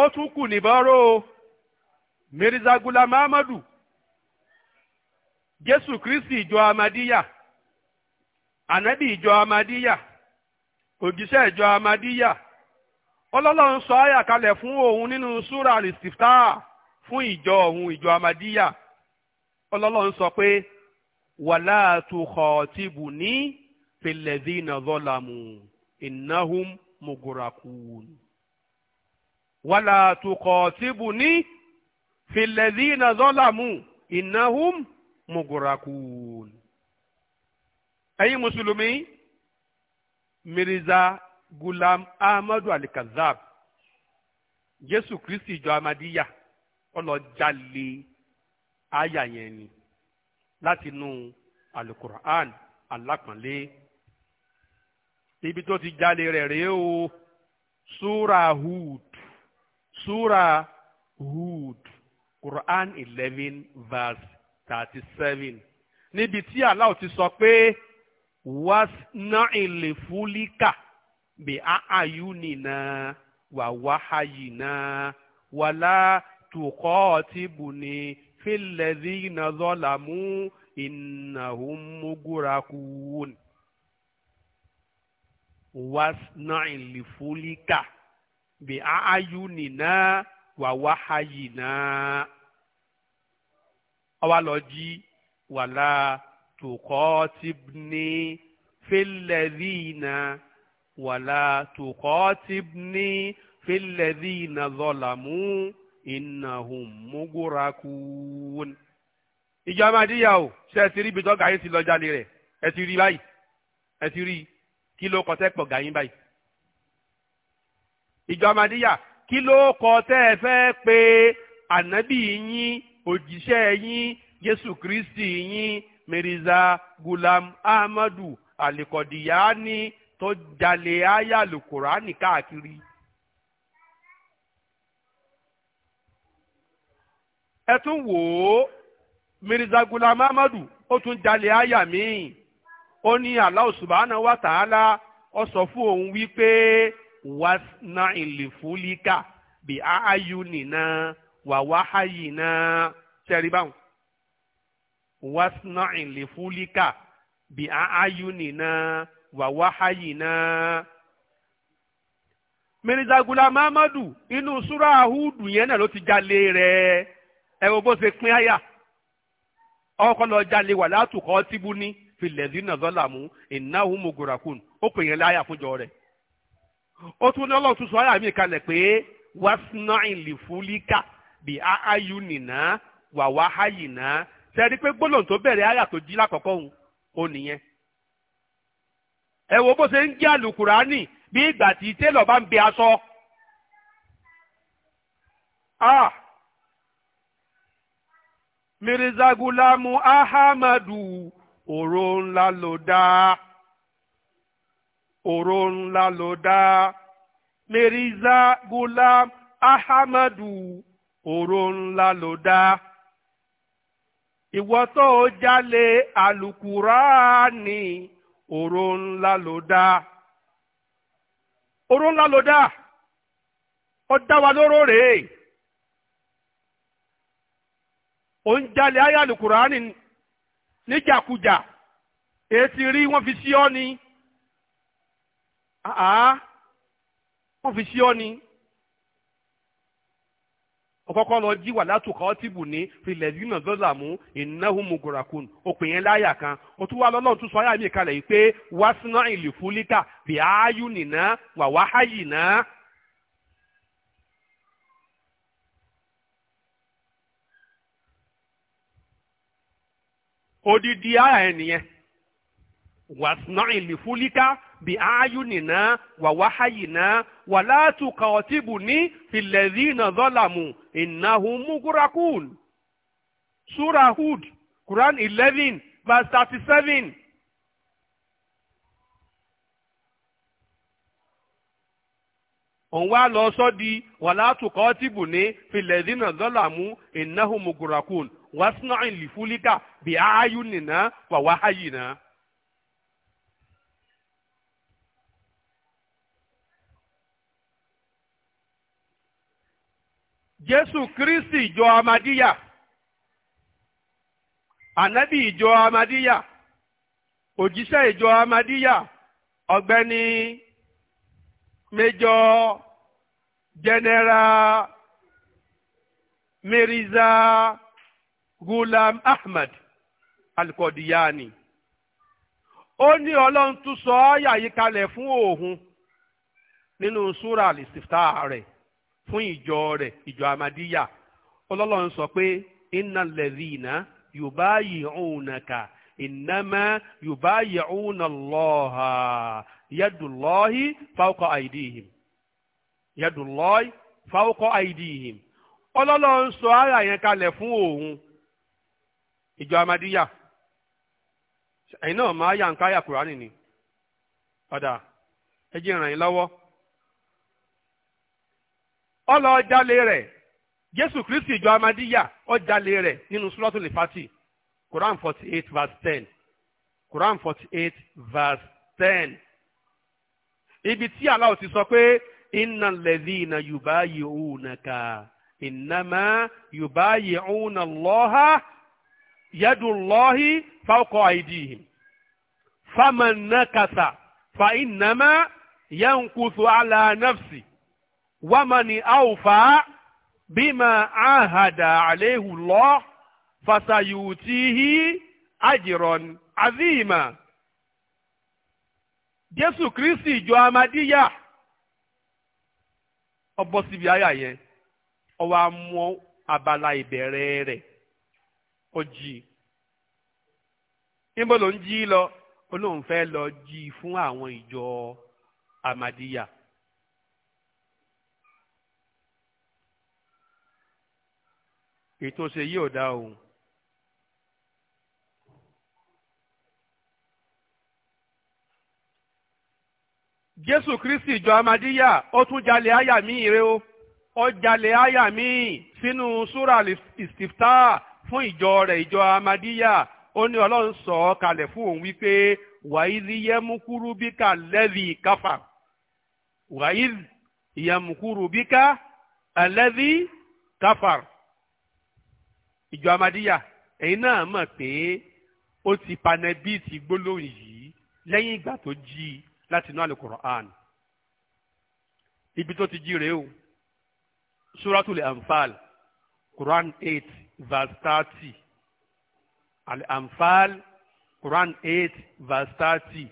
ó tún kù nìbọ́rọ́ o mirza gulam amadu jésù kristi ìjọ amadiya ànábì ìjọ amadiya òjíṣẹ́ ìjọ amadiya ọlọ́lọ́run sọ àyà kalẹ̀ fún òun nínú súra alistifta fún ìjọ òun ìjọ amadiya ọlọ́lọ́run sọ pé wàlá tukhatibuni fil ladhina zalamu innahum mugurakun wàlà tuqatibuni filladhina zalamu innahum mugurakun. ẹ̀yin mùsùlùmí mirza gulam ahmadu alikazab jésù kristi ìjọ amadiya ọlọ́jàlè àyà yẹn ni láti inú alukur'an alápọ̀nlé ibi tó ti jalè rẹ̀ rèé o súra hud Surah Hud, Quran eleven verse thirty seven. Níbi tí Allah ti sọ pé wasna'il fulika bi a'ayunina wa wahayina wala tuqatibuni fil ladhina zalamu innahum mughraqun wasna'il fulika bí aáyú nìna wà wáhayì náà ọwá lọ jí wàlá tuqatibni fil ladhina wàlá tuqatibni fil ladhina zalamu innahum mughraqun ìjọ amadíyà o ṣe ẹ ti rí ibi tó gàyín ti lọ jalè rẹ ẹ ti rí báyìí ẹ ti rí kí ló kọtẹ pọ gàyín báyìí ìjọ amadíyà kí ló kọ tẹ́ ẹ fẹ́ pé ànábì yín òjíṣẹ́ yín jésù kristi yín mirza gulam ahmadu alikọdìyàní tó jalè àyà Lukurani káàkiri. ẹ tún wò ó mirza gulam ahmadu ó tún jalè àyà míì ó ní Allah subhanahu wa ta'ala sọ fún òun wípé. wasna ilifulika bi ayunina wa wahayina sẹ́rí báwọn wasna ilifulika bi ayunina wa wahayina. mẹ́rìndàgùlà mahamadu inú súra ahudu yẹn náà ló ti jalè rẹ̀ ẹ wo bó ṣe pín àyà ọkọ lọ jalè wà látùkọ́ tìbú ní filẹ̀ dínà zọ́làmù ìnáwó mogorakun ó pè yẹn láyà fúnjọ rẹ. ó tún ní ọlọ́run tún sọ ayà mi kalẹ̀ pé wasna'il li fulika bí ayunina nìna wà wá háyì ná sẹ́ni pé gbólóhùn tó bẹ̀rẹ̀ ayà tó jí lákọ̀ọ́kọ́ òun ó nìyẹn. ẹ wo bó ṣe ń jẹ́ àlùkùránì bí ìgbà tí télọ̀ bá ń bẹ aṣọ. Ah. Mirza Gulamu Ahamadu ọ̀rọ̀ ńlá ló dáa. òro ńlá ló dá Mirza Gulam Ahmadu òro ńlá ló dá ìwọ tó o jalè alukuraani òro ńlá ló dá òro ńlá ló dá ó dá wa lóró rèé ó ń jalè ayé alukuraani níjàkújà èsì rí wọ́n fi sí ọ ni àá ah, ah. wọ́n fi ṣí ọ ni ọkọkọ lọ jí wà látòkọ ọtìbù ní filẹ̀dì náà dọ́là mú ìnáwó mugurakun òpin yẹn láyà kan ó tún wá lọ́lọ́run tún sọ ayé mi kalẹ̀ yìí pé wá síná ìlú fún lítà bí ááyù nìna wà wá háyì náà. odidi ara ẹ nìyẹn wà síná ìlú fún lítà bí ayúnìná wà wáháyìná wà látùkà ọtíbù ní filẹ̀dínà zọ́làmù ìnáhùn mugurakun. Sura Hud, Quran eleven, verse thirty-seven. òun wá lọ sọ di wàlátùkọ́ tìbù ní filẹ̀dínà zọ́làmù ìnáhùn mugurakun wàsánà ìlìfúlíkà bí ayúnìná wà wáháyìná. jésù kristi ìjọ amadíyà ànábì ìjọ amadíyà òjíṣẹ́ ìjọ amadíyà ọ̀gbẹ́ni méjọ jẹnẹra mirza gulam ahmed alkodiyani ó ní ọlọ́run tún sọ ọ́ yàyí kalẹ̀ fún òun nínú súra àlìsífà rẹ̀. fún ìjọ rẹ̀ ìjọ amadíyà sọ pé iná lẹ́rìnà yorùbá yìí ka nàkà yorùbá yìí òun lọ́ha yadùlọ́hì fáwọkọ̀ àìdíhìm yadùlọ́hì fáwọkọ̀ àìdíhìm ọlọ́lọ́run sọ ara yẹn kalẹ̀ fún òun ìjọ amadíyà ẹ̀yin náà máa yà ń káyà kúránì ni padà ọlọ jalè rẹ̀ jésù kristi ìjọ amadíyà ó jalè rẹ̀ nínú sùlọ́tò nìfàtì quran forty eight verse ten quran forty eight verse ten ibi tí Allah ti sọ pé inna alladhina yubayi'unaka innama yubayi'una Allaha yadullahi fawqa aydihim faman nakasa fa innama yankuthu ala nafsi. wamani awfa bima ahada alayhu Allah fasayutihi ajiron azima jésù kristi ìjọ amadíyà ọbọ síbi àyà yẹn ó wá mú abala ìbẹ̀rẹ̀ rẹ̀ ó níbo ló ń jí lọ olóhùn fẹ́ lọ jí fún àwọn ìjọ amadíyà èyí tó ṣe yí ò dáa o. jésù kristi ìjọ amadíyà ó tún jalè àyà míì rẹ o ó jalè àyà míì sínú súrà ìsìftà fún ìjọ rẹ̀ ìjọ amadíyà ó ní ọlọ́run sọ ọ́ kalẹ̀ fún òun wípé wàhíì yẹmukuru bíkà lẹ́vì káfà wàhíì yẹmukuru bíkà lẹ́vì káfà ìjọ amadíyà ẹ̀yin náà mọ̀ pé ó ti panẹ́bíìtì gbólóhùn yìí lẹ́yìn ìgbà tó jí i láti inú àlùkùránì ibi tó ti jí rèé o suratul anfal quran eight verse thirty al-anfal quran eight verse thirty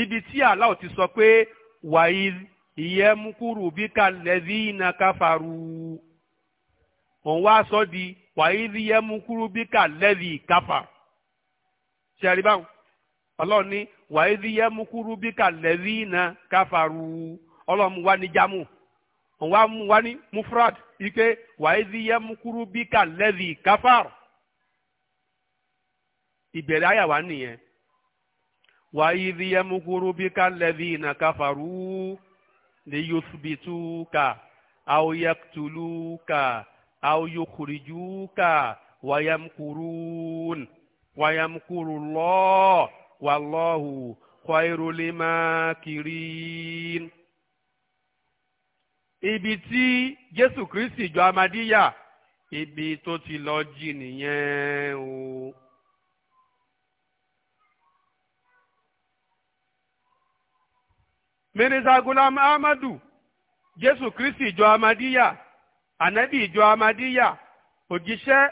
ibi tí Allah ti sọ pé wàyí ìyẹmukuru bíkà lẹ́dí iná káfàrú òun wá sọ di. wàyídí yẹmukuru bí ká ka káfà ṣẹ̀rí báwọn ọlọ́run ní wàyídí yẹmukuru bí ká ka iná káfàrú ọlọ́run wá ní jámù wá mú wá ní mufrad ike wàyídí yẹmukuru bí ká lẹ́dí káfàrú ìbẹ̀rẹ̀ àyà wá nìyẹn wàyídí yẹmukuru bí ká lẹ́dí iná káfàrú lè tu ka ká àwòyẹ tulu ká. أو يخرجوك ويمكرون ويمكر الله والله خير الماكرين ibi tí Jésù Kristi ìjọ Amadíyà ibi tó ti lọ jí nìyẹn o. Mirza Gulam Ahmadu Jésù Kristi ìjọ Amadíyà ànábì ìjọ amadíyà òjíṣẹ́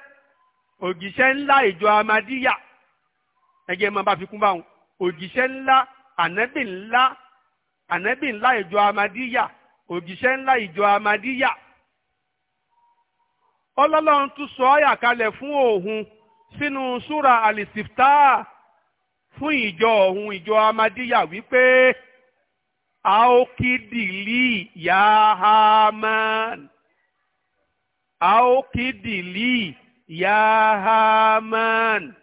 òjíṣẹ́ ńlá ìjọ amadíyà ẹgbẹ́ máa bá fi kún báwọn òjíṣẹ́ ńlá ànábì ńlá ànábì ńlá ìjọ amadíyà òjíṣẹ́ ńlá ìjọ amadíyà ọlọ́lọ́run tún sọ ọ́ yàkalẹ̀ fún òun sínú súra àlìsìftà fún ìjọ òun ìjọ amadíyà wípé aókídìlì yahaman aokidili ya haman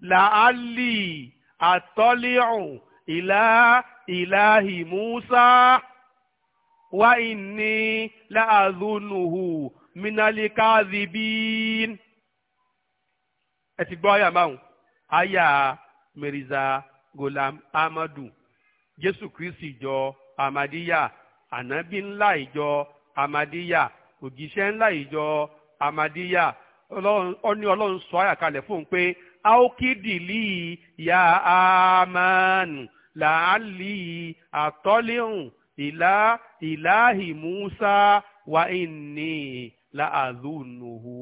la'ali atoli'u ila ilahi musa wa inni la'azunuhu minalikazibin ẹ ti gbọ́ àyà márùn àyà mirza golam amadu jésù kristi ìjọ amadiya ànábì ńlá ìjọ amadiya ògìṣẹ́ ńlá ìjọ amadiya ó ní ọlọ́run sọ àyàkalẹ̀ fóun pé aokidili ya amanu làálì àtọ́lẹ́hùn ìlà ìláhì musa wa inni làázùnùhù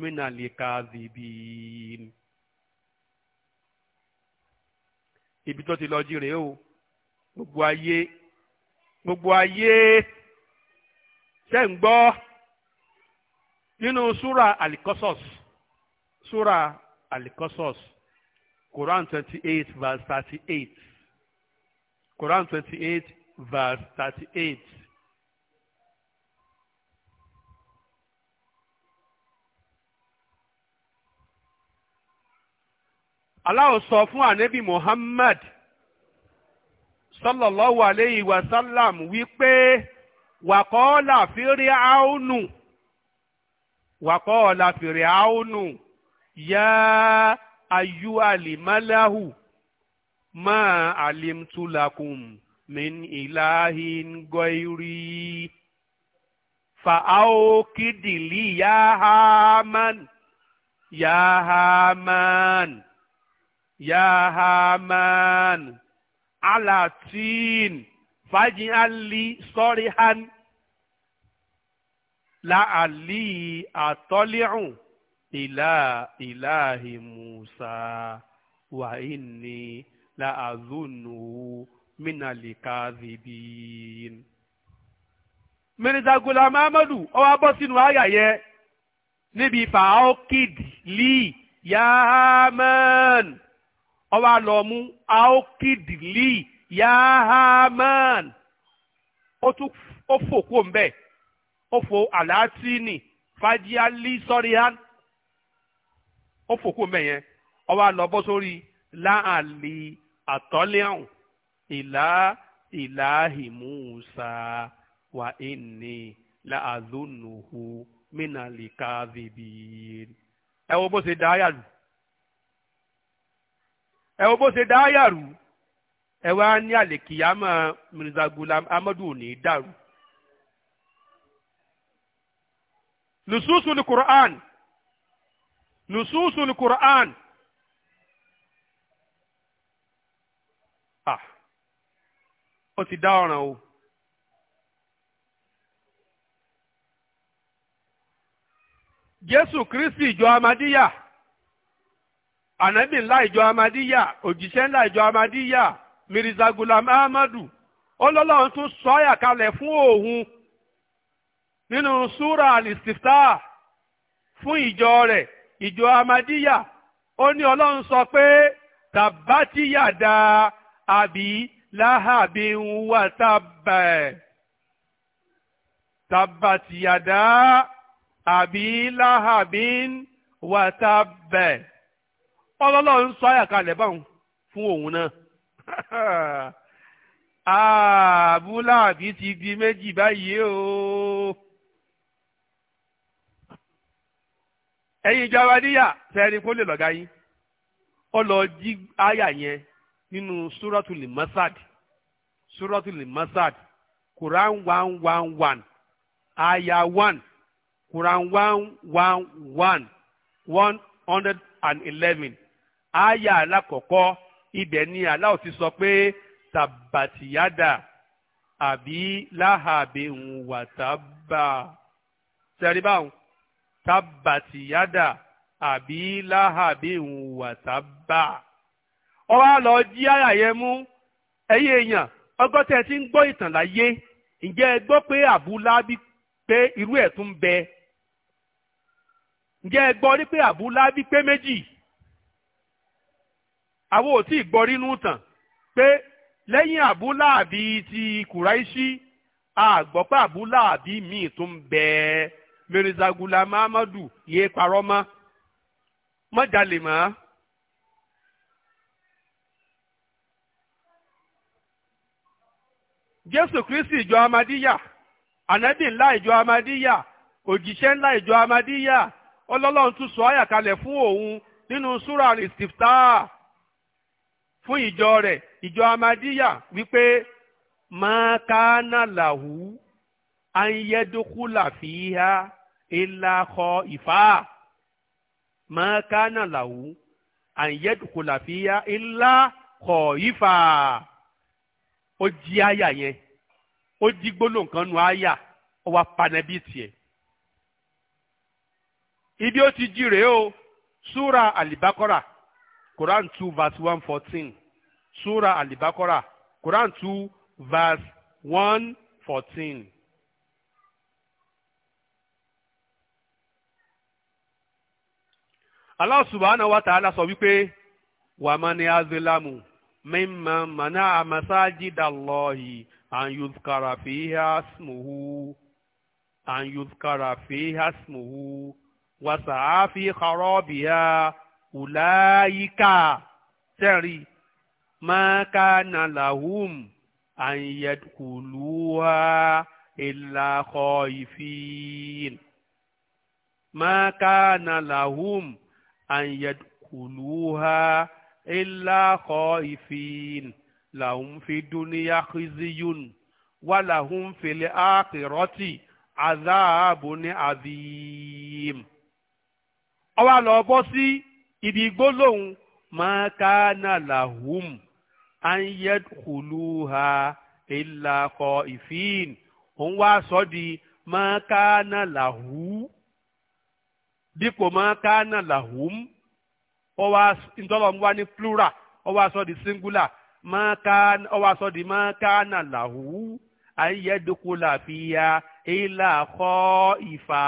mínàlíkà zibin. ibi tó ti lọ jí rèé o gbogbo ayé gbogbo ayé ṣe ń gbọ́. nínú súra alikọ́sọ́s súra alikọ́sọ́s Quran twenty eight verse thirty eight Quran twenty eight verse thirty eight. sọ fún Muhammad sallallahu alayhi wa sallam wípé wàkọ́ọ́là fírí وقال فرعون يا أيها الملأ ما علمت لكم من إله غيري فأوقد لي يا هامان يا هامان يا هامان على تين فاجعل لي صرحا láàlì àtọ́lẹ́hùn ìlà ìlàhì Musa wà ní láàzúnù mínàlìkà zèbí. mínísítà Gulam Ahmadu ó wá bọ́ sínú àyà yẹn níbi fàákìd líì yahaman ó wá lọ mú aokid líì yahaman ó tún ó fò kó ń Ofo àlàátìní fàjíálì sọ́ríán ọ̀fọ̀ kò mẹ́yẹn ọwọ́ àlọ́bọ́ sórí láàlì àtọ́lẹ́hùn ìlà ìlàhì Musa wà ìní láàzónùhù mínàlì káàdìbìyìn. ẹ wo bó ṣe dá yà rú ẹ wo bó ṣe dá yà rú ẹ wá ní àlèkìyàmọ Mirza Gulam Amadu ò dàrú نصوص القرآن، نصوص القرآن، آه، ó ti dá ọ̀ràn o. Jésù Kristi ìjọ Amadíyà ànábì ńlá ìjọ Amadíyà òjíṣẹ́ ńlá ìjọ Amadíyà Mirza Gulam Ahmadu tún sọ àyàkálẹ̀ fún òun nínú súra alistiftah fún ìjọ rẹ̀ ìjọ amadiya ó ní ọlọ́run sọ pé tàbátì yàda àbí láhàbí ń wà tábà ẹ̀ tàbátì yàda àbí láhàbí ń wà tábà ẹ̀ ọlọ́run sọ àyàkálẹ̀ báwọn fún òun náà àbúláàbí ti di méjì báyìí o. ẹ̀yin ìjọba níyà sẹ́ni kó lè lọ́gá yín lọ àyà yẹn nínú suratul masad quran one one one àyà one quran one one one one hundred and eleven àyà alákọ̀ọ́kọ́ ni ti sọ pé tàbàtìyádà àbí láhàbẹ̀ ń wà tábàtìyádà àbí láhàbí ìhùwà tábà ó wá lọ jí àyà yẹn mú ẹ̀yin èèyàn ọgọ́tẹ̀ tí ń gbọ́ ìtàn láyé ǹjẹ́ ẹ gbọ́ pé àbúlábí pé irú ẹ̀ tún bẹ ǹjẹ́ ẹ gbọ́ rí pé àbúlábí pé méjì àwọn ò tí ì gbọ́ rínú tàn pé lẹ́yìn àbúláàbí ti kùráìṣí àgbọ̀pá àbúláàbí míì tún bẹ́ẹ̀ mirza gulam amadu yéé parọ́ mọ́ má kristi ìjọ amadíyà ànábì ńlá ìjọ amadíyà òjíṣẹ́ ńlá ìjọ amadíyà ọlọ́lọ́run tún sọ àyàkálẹ̀ fún òun nínú súra ìsìftà fún ìjọ rẹ̀ ìjọ amadíyà wípé máa ká anyẹ́dókúlà fìhá ilà kọ ìfà mọ́kánà làwù anyẹ́dókúlà fìhá ilà kọ ìfà ó jí àyà yẹn ó jí gbólóǹkan nu àyà ó wá panẹ́bí tiẹ̀ ibi ó ti jí rèé o sura alibakora quran two verse one fourteen sura alibakora quran two verse one fourteen. Allah subhanahu wa ta'ala sọ wípé wa man azlamu mimman mana'a masajidallahi an yuzkara fiha ismuhu an yuzkara fiha ismuhu wa sa'a fi kharabiha ulaika tẹ́rì ma kana lahum an yadkhuluha illa khaifin أن يدخلوها إلا خائفين لهم في الدنيا خزي ولهم في الآخرة عذاب عظيم ó wá lọ bọ́ sí ibi gbólóhùn ma kana lahum an yadkhuluha illa khaifin òun wá sọ di ma kana lahu. dípò mọ́ kánà làhùm ó wá ntọ́lọ́mú wá ní plural ó wá sọ di singular mọ́ kánà ó wá sọ di mọ́ kánà làhù ayédèkúlà fìyà ìlà kọ́ ìfà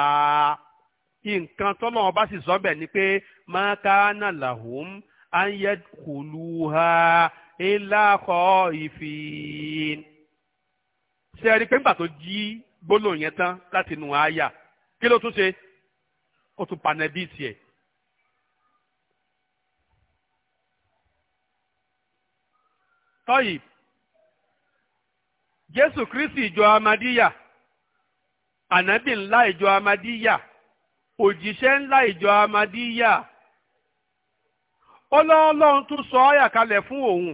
nǹkan tọ́lọ́mú bá sì sọ bẹ́ẹ̀ ni pé mọ́ kánà làhùm ayédèkúlùhà ìlà kọ́ ìfìn ṣe é rí i pé nígbà tó jí gbólóhùn yẹn tán láti nù áyà kí ló tún ṣe ó tún panẹ́bí tiẹ̀. tọ́yì jésù kristi ìjọ amadíyà ànábì ńlá ìjọ amadíyà òjíṣẹ́ ńlá ìjọ amadíyà ọlọ́ọ̀lọ́run tún sọ àyà kalẹ̀ fún òun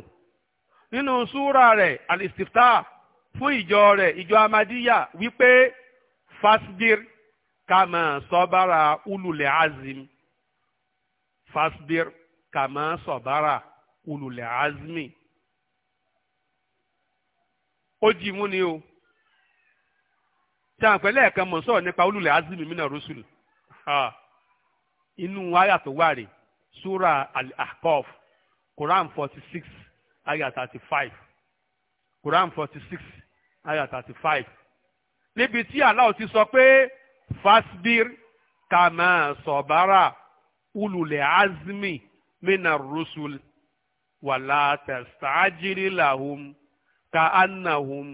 nínú súra rẹ̀ alistifta fún ìjọ rẹ̀ ìjọ amadíyà wípé fasbir kama sọbara ululẹ̀ azim fasbir kama sọbara ululẹ̀ azmi ó jí mú ni o tí a ń pẹ́ lẹ́ẹ̀kan mọ̀ sọ̀rọ̀ nípa ululẹ̀ azmi mina rusul inú àyà tó wà rè sura al-ahqaf quran forty six àyà thirty five quran forty six àyà thirty five níbi tí Allah ti sọ pé fasbir kama sọ̀bára ululẹ̀ azmi mina rusul wàlá tẹ̀sítájìrì làhùn ka annahum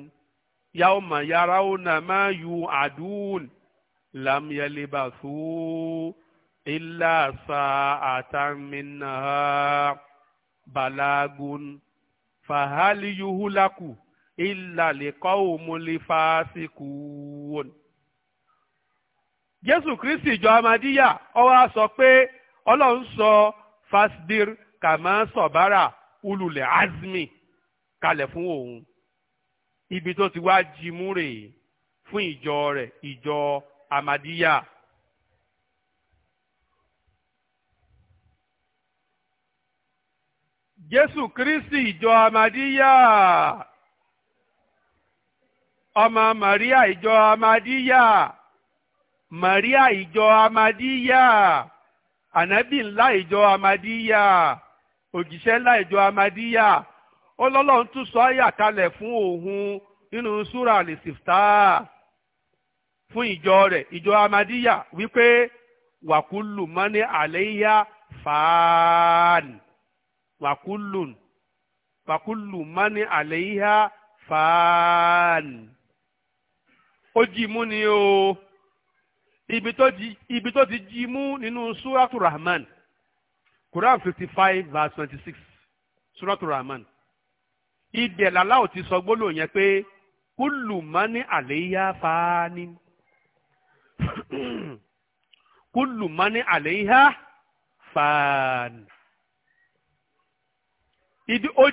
yawma yarawna ma yu'adun lam yalibathu illa sa'atan min nahar balagun fahal yuhlaku illa liqawmil fasiqun jésù kristi ìjọ amadíyà ó wá sọ pé ọlọ́run sọ fasdir kàmá sọ̀bárà ululẹ̀ azmi kalẹ̀ fún òun ibi tó ti wá jimú rèé fún ìjọ rẹ̀ ìjọ amadíyà. jésù kristi ìjọ amadíyà ọmọ màríà ìjọ amadíyà. Maria ìjọ Amadíyà ànábì ńlá ìjọ Amadíyà òjíṣẹ́ ńlá ìjọ Amadíyà ọlọ́lọ́run tún sọ àyà kalẹ̀ fún òun nínú súrà àlèsìftà fún ìjọ rẹ̀ ìjọ Amadíyà wípé wàkúlù mọ́ni àléyá fàán wàkúlù wàkúlù mọ́ni àléyá fàán ó mú ni o ibi tó di ibi tó ti jí mú nínú suratu rahman quran fifty five verse twenty six suratu rahman ibẹ̀ làláwò ti sọ gbólóhùn yẹn pé kullu àléyá fani kullu mani àléyá fani. Ibi ó